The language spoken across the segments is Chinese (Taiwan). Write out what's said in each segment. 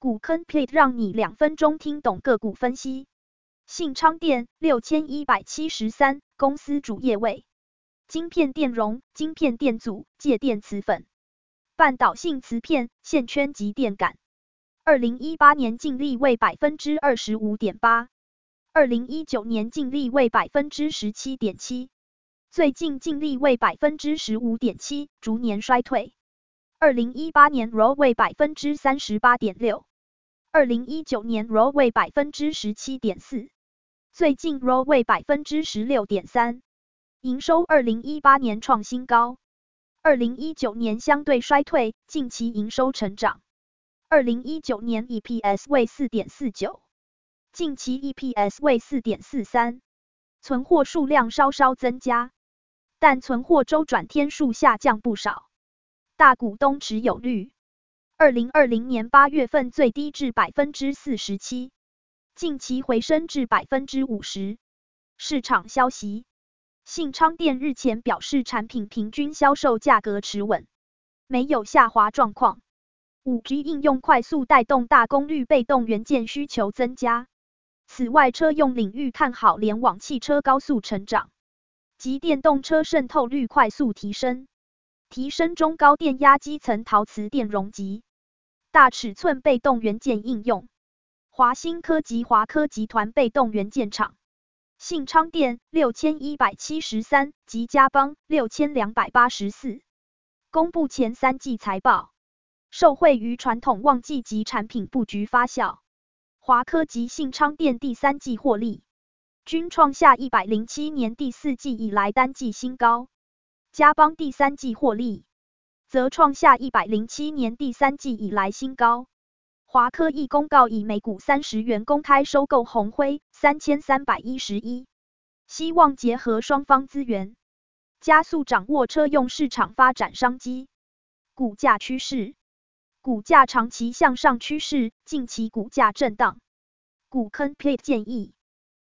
股坑 plate 讓你兩分鐘聽懂個股分析。信昌電六千一百七十三，6, 3, 公司主業為晶片電容、晶片電阻、介電瓷粉、半導體磁片、線圈及電感。二零一八年淨利為百分之二十五點八，二零一九年淨利為百分之十七點七，最近淨利為百分之十五點七，逐年衰退。二零一八年 ROE 為百分之三十八點六。二零一九年 ROE 為百分之十七點四，最近 ROE 為百分之十六點三，營收二零一八年創新高，二零一九年相對衰退，近期營收成長。二零一九年 EPS 為四點四九，近期 EPS 為四點四三，存貨數量稍稍增加，但存貨周轉天數下降不少。大股東持有率。二零二零年八月份最低至百分之四十七，近期回升至百分之五十。市場消息，信昌電日前表示，產品平均銷售價格持穩，沒有下滑狀況。五 G 應用快速帶動大功率被動元件需求增加。此外，車用領域看好聯網汽車高速成長及電動車滲透率快速提升，提升中高電壓積層陶瓷電容級。大尺寸被動元件應用，華新科及、華科集團被動元件廠、信昌電六千一百七十三及佳邦六千兩百八十四公布前三季財報，受惠於傳統旺季及產品布局發酵，華科及信昌電第三季獲利均創下一百零七年第四季以來單季新高，佳邦第三季獲利。則創下一百零七年第三季以來新高。華科一公告以每股三十元公開收購紅輝三千三百一十一，希望結合雙方資源，加速掌握車用市場發展商機。股價趨勢，股價長期向上趨勢，近期股價震盪。股坑 Pete 建議，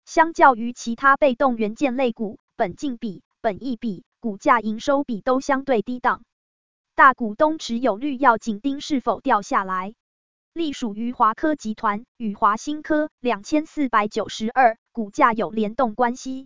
相較於其他被動元件類股，本淨比、本益比、股價營收比都相對低檔。大股東持有率要緊盯，是否掉下來。隸屬於華科集團與華新科兩千四百九十二股價有聯動關係。